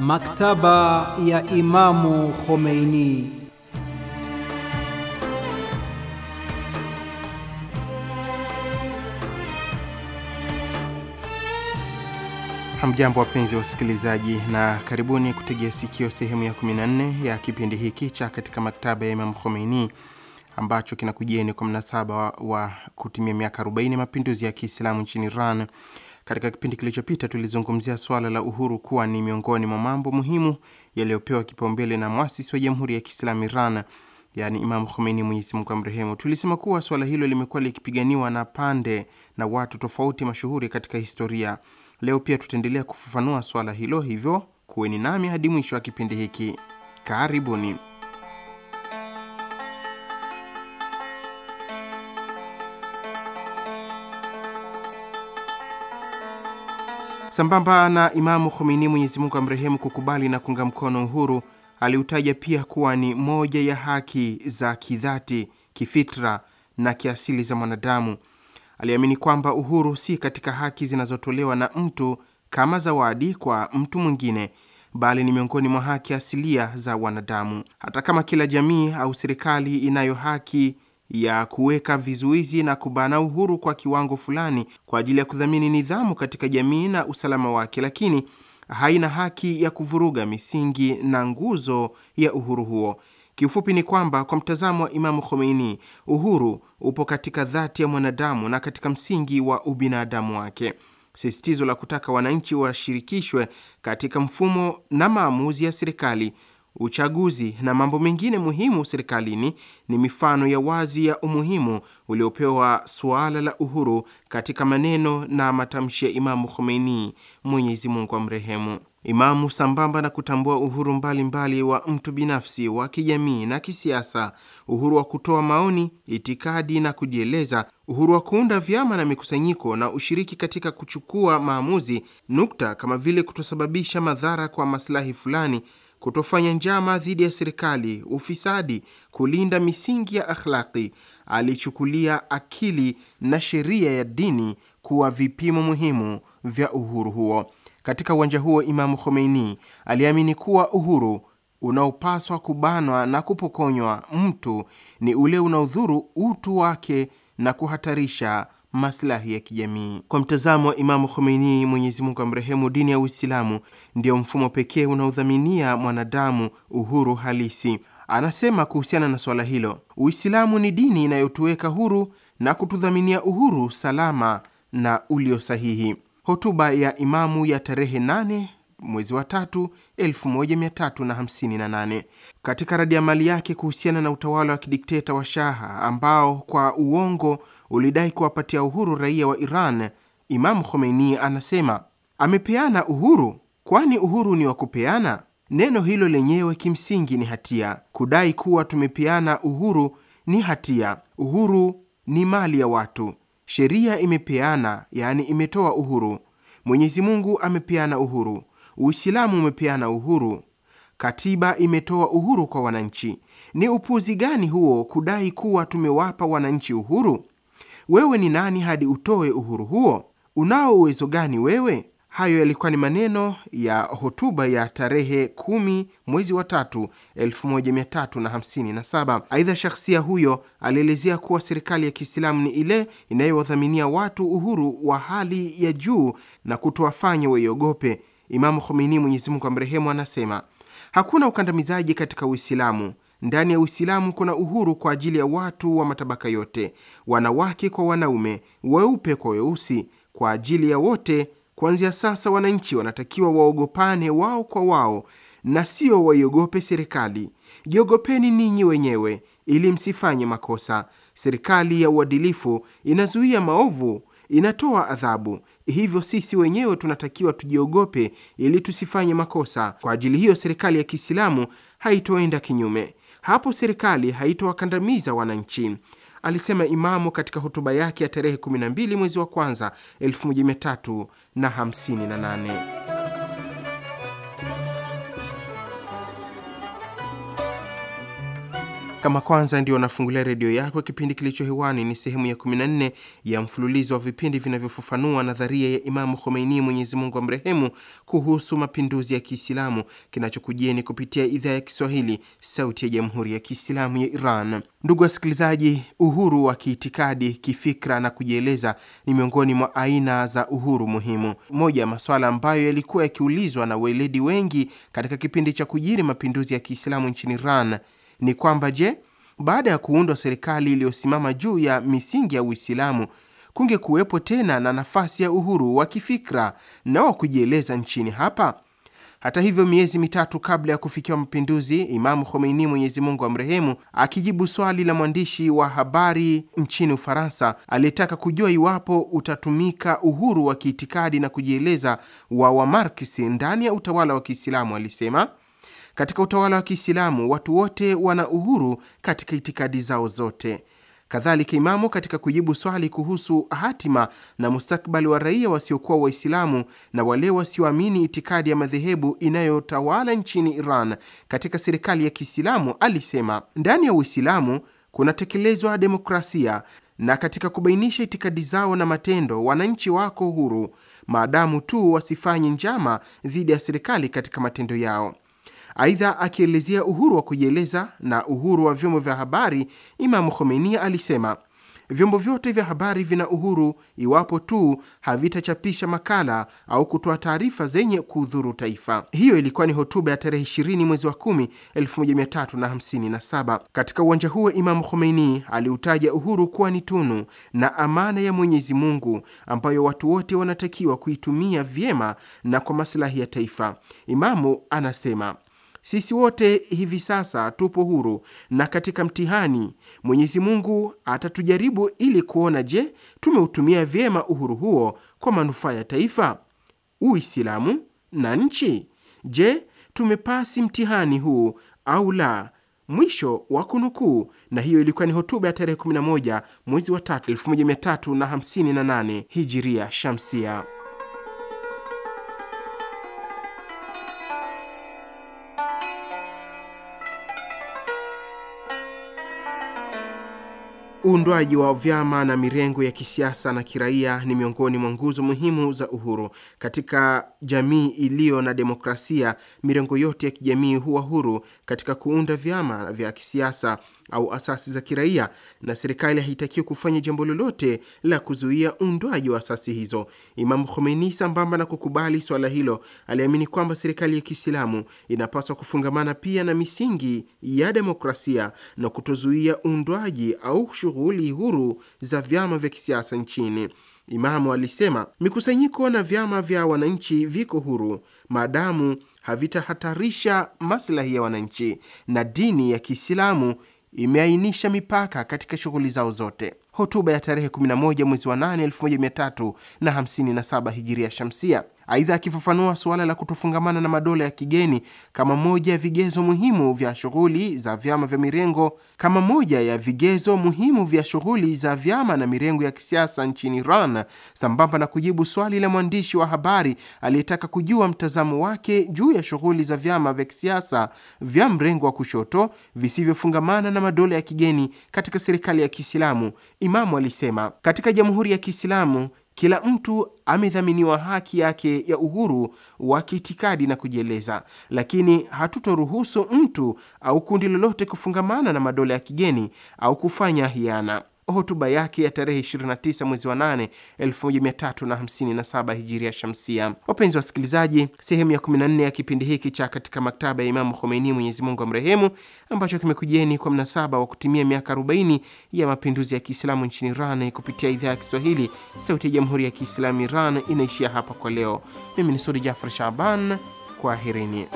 Maktaba ya Imamu Khomeini. Hamjambo, wapenzi wa wasikilizaji, na karibuni kutegea sikio sehemu ya 14 ya kipindi hiki cha katika maktaba ya Imamu Khomeini ambacho kinakujieni kwa mnasaba wa, kutimia miaka 40 mapinduzi ya Kiislamu nchini Iran katika kipindi kilichopita tulizungumzia suala la uhuru kuwa ni miongoni mwa mambo muhimu yaliyopewa kipaumbele na mwasisi wa Jamhuri ya Kiislamu Iran, yaani Imam Khomeini, Mwenyezi Mungu amrehemu. Tulisema kuwa suala hilo limekuwa likipiganiwa na pande na watu tofauti mashuhuri katika historia. Leo pia tutaendelea kufafanua suala hilo, hivyo kuweni nami hadi mwisho wa kipindi hiki. Karibuni. Sambamba na Imamu Khomeini, Mwenyezi Mungu amrehemu, kukubali na kuunga mkono uhuru, aliutaja pia kuwa ni moja ya haki za kidhati, kifitra na kiasili za mwanadamu. Aliamini kwamba uhuru si katika haki zinazotolewa na mtu kama zawadi kwa mtu mwingine, bali ni miongoni mwa haki asilia za wanadamu. Hata kama kila jamii au serikali inayo haki ya kuweka vizuizi na kubana uhuru kwa kiwango fulani kwa ajili ya kudhamini nidhamu katika jamii na usalama wake, lakini haina haki ya kuvuruga misingi na nguzo ya uhuru huo. Kiufupi ni kwamba kwa mtazamo wa Imamu Khomeini, uhuru upo katika dhati ya mwanadamu na katika msingi wa ubinadamu wake. Sisitizo la kutaka wananchi washirikishwe katika mfumo na maamuzi ya serikali uchaguzi na mambo mengine muhimu serikalini ni mifano ya wazi ya umuhimu uliopewa suala la uhuru katika maneno na matamshi ya Imamu Khomeini, Mwenyezi Mungu amrehemu. Imamu, sambamba na kutambua uhuru mbalimbali mbali wa mtu binafsi, wa kijamii na kisiasa, uhuru wa kutoa maoni, itikadi na kujieleza, uhuru wa kuunda vyama na mikusanyiko na ushiriki katika kuchukua maamuzi, nukta kama vile kutosababisha madhara kwa maslahi fulani kutofanya njama dhidi ya serikali, ufisadi, kulinda misingi ya akhlaqi. Alichukulia akili na sheria ya dini kuwa vipimo muhimu vya uhuru huo. Katika uwanja huo, Imamu Khomeini aliamini kuwa uhuru unaopaswa kubanwa na kupokonywa mtu ni ule unaodhuru utu wake na kuhatarisha maslahi ya kijamii. Kwa mtazamo wa Imamu Khomeini, Mwenyezi Mungu amrehemu, dini ya Uislamu ndiyo mfumo pekee unaodhaminia mwanadamu uhuru halisi. Anasema kuhusiana na swala hilo, Uislamu ni dini inayotuweka huru na kutudhaminia uhuru salama na ulio sahihi. Hotuba ya Imamu ya tarehe 8 mwezi wa tatu 1358 katika mali yake kuhusiana na utawala wa kidikteta wa shaha ambao kwa uongo ulidai kuwapatia uhuru raia wa Iran. Imamu Khomeini anasema amepeana uhuru, kwani uhuru ni wa kupeana? Neno hilo lenyewe kimsingi ni hatia. Kudai kuwa tumepeana uhuru ni hatia. Uhuru ni mali ya watu. Sheria imepeana, yaani imetoa uhuru. Mwenyezi Mungu amepeana uhuru. Uislamu umepeana uhuru, katiba imetoa uhuru kwa wananchi. Ni upuzi gani huo kudai kuwa tumewapa wananchi uhuru? Wewe ni nani hadi utoe uhuru huo? Unao uwezo gani wewe? Hayo yalikuwa ni maneno ya hotuba ya tarehe kumi mwezi wa tatu 1357. Aidha, shakhsia huyo alielezea kuwa serikali ya Kiislamu ni ile inayowadhaminia watu uhuru wa hali ya juu na kutowafanya waiogope, Imamu Khomeini, Mwenyezi Mungu amrehemu, anasema hakuna ukandamizaji katika Uislamu. Ndani ya Uislamu kuna uhuru kwa ajili ya watu wa matabaka yote, wanawake kwa wanaume, weupe kwa weusi, kwa ajili ya wote. Kuanzia sasa, wananchi wanatakiwa waogopane wao kwa wao na sio waiogope serikali. Jiogopeni ninyi wenyewe ili msifanye makosa. Serikali ya uadilifu inazuia maovu inatoa adhabu. Hivyo sisi wenyewe tunatakiwa tujiogope ili tusifanye makosa. Kwa ajili hiyo, serikali ya Kiislamu haitoenda kinyume hapo, serikali haitowakandamiza wananchi, alisema Imamu katika hotuba yake ya tarehe 12 mwezi wa kwanza 1358. Kama kwanza ndio unafungulia redio yako, kipindi kilicho hewani ni sehemu ya 14 ya mfululizo wa vipindi vinavyofafanua nadharia ya Imamu Khomeini, Mwenyezi Mungu amrehemu, kuhusu mapinduzi ya Kiislamu, kinachokujieni kupitia idhaa ya Kiswahili, Sauti ya Jamhuri ya Kiislamu ya Iran. Ndugu wasikilizaji, uhuru wa kiitikadi, kifikra na kujieleza ni miongoni mwa aina za uhuru muhimu. Moja ya maswala ambayo yalikuwa yakiulizwa na weledi wengi katika kipindi cha kujiri mapinduzi ya Kiislamu nchini Iran ni kwamba je, baada ya kuundwa serikali iliyosimama juu ya misingi ya Uislamu kungekuwepo tena na nafasi ya uhuru wa kifikra na wa kujieleza nchini hapa? Hata hivyo, miezi mitatu kabla ya kufikiwa mapinduzi, Imamu Khomeini, Mwenyezi Mungu amrehemu, akijibu swali la mwandishi wa habari nchini Ufaransa aliyetaka kujua iwapo utatumika uhuru wa kiitikadi na kujieleza wa Wamarkisi ndani ya utawala wa Kiislamu alisema: katika utawala wa Kiislamu watu wote wana uhuru katika itikadi zao zote. Kadhalika, Imamu katika kujibu swali kuhusu hatima na mustakbali wa raia wasiokuwa Waislamu na wale wasioamini itikadi ya madhehebu inayotawala nchini Iran katika serikali ya Kiislamu alisema, ndani ya Uislamu kunatekelezwa demokrasia, na katika kubainisha itikadi zao na matendo wananchi wako huru, maadamu tu wasifanye njama dhidi ya serikali katika matendo yao. Aidha, akielezea uhuru wa kujieleza na uhuru wa vyombo vya habari, Imamu Khomeini alisema vyombo vyote vya habari vina uhuru iwapo tu havitachapisha makala au kutoa taarifa zenye kudhuru taifa. Hiyo ilikuwa ni hotuba ya tarehe 20 mwezi wa 10 1357. Katika uwanja huo Imamu Khomeini aliutaja uhuru kuwa ni tunu na amana ya Mwenyezi Mungu ambayo watu wote wanatakiwa kuitumia vyema na kwa masilahi ya taifa. Imamu anasema sisi wote hivi sasa tupo huru na katika mtihani. Mwenyezi Mungu atatujaribu ili kuona, je, tumeutumia vyema uhuru huo kwa manufaa ya taifa, Uislamu na nchi? Je, tumepasi mtihani huu au la? Mwisho wa kunukuu. Na hiyo ilikuwa ni hotuba ya tarehe 11 mwezi wa 3 1358 hijiria shamsia. Uundwaji wa vyama na mirengo ya kisiasa na kiraia ni miongoni mwa nguzo muhimu za uhuru. Katika jamii iliyo na demokrasia, mirengo yote ya kijamii huwa huru katika kuunda vyama vya kisiasa au asasi za kiraia, na serikali haitakiwi kufanya jambo lolote la kuzuia uundwaji wa asasi hizo. Imamu Khomeini, sambamba na kukubali swala hilo, aliamini kwamba serikali ya Kiislamu inapaswa kufungamana pia na misingi ya demokrasia na kutozuia uundwaji au shughuli huru za vyama vya kisiasa nchini. Imamu alisema mikusanyiko na vyama vya wananchi viko huru maadamu havitahatarisha maslahi ya wananchi na dini ya Kiislamu imeainisha mipaka katika shughuli zao zote hotuba ya tarehe 11 mwezi wa 8 1357 hijiria shamsia. Aidha, akifafanua suala la kutofungamana na madola ya kigeni kama moja ya vigezo muhimu vya shughuli za vyama vya mirengo kama moja ya vigezo muhimu vya shughuli za vyama na mirengo ya kisiasa nchini Iran, sambamba na kujibu swali la mwandishi wa habari aliyetaka kujua mtazamo wake juu ya shughuli za vyama vya kisiasa vya mrengo wa kushoto visivyofungamana na madola ya kigeni katika serikali ya Kiislamu Imamu alisema katika Jamhuri ya Kiislamu kila mtu amedhaminiwa haki yake ya uhuru wa kiitikadi na kujieleza, lakini hatutoruhusu mtu au kundi lolote kufungamana na madola ya kigeni au kufanya hiana hotuba yake ya tarehe 29 mwezi wa 8 1357 hijiria shamsia. Wapenzi wa wasikilizaji, sehemu ya 14 ya kipindi hiki cha katika maktaba ya Imamu Khomeini, Mwenyezi Mungu amrehemu, ambacho kimekujieni kwa mnasaba wa kutimia miaka 40 ya mapinduzi ya Kiislamu nchini Iran kupitia idhaa ya Kiswahili Sauti ya Jamhuri ya Kiislamu Iran inaishia hapa kwa leo. Mimi ni Sudi Jafar Shaban, kwaherini.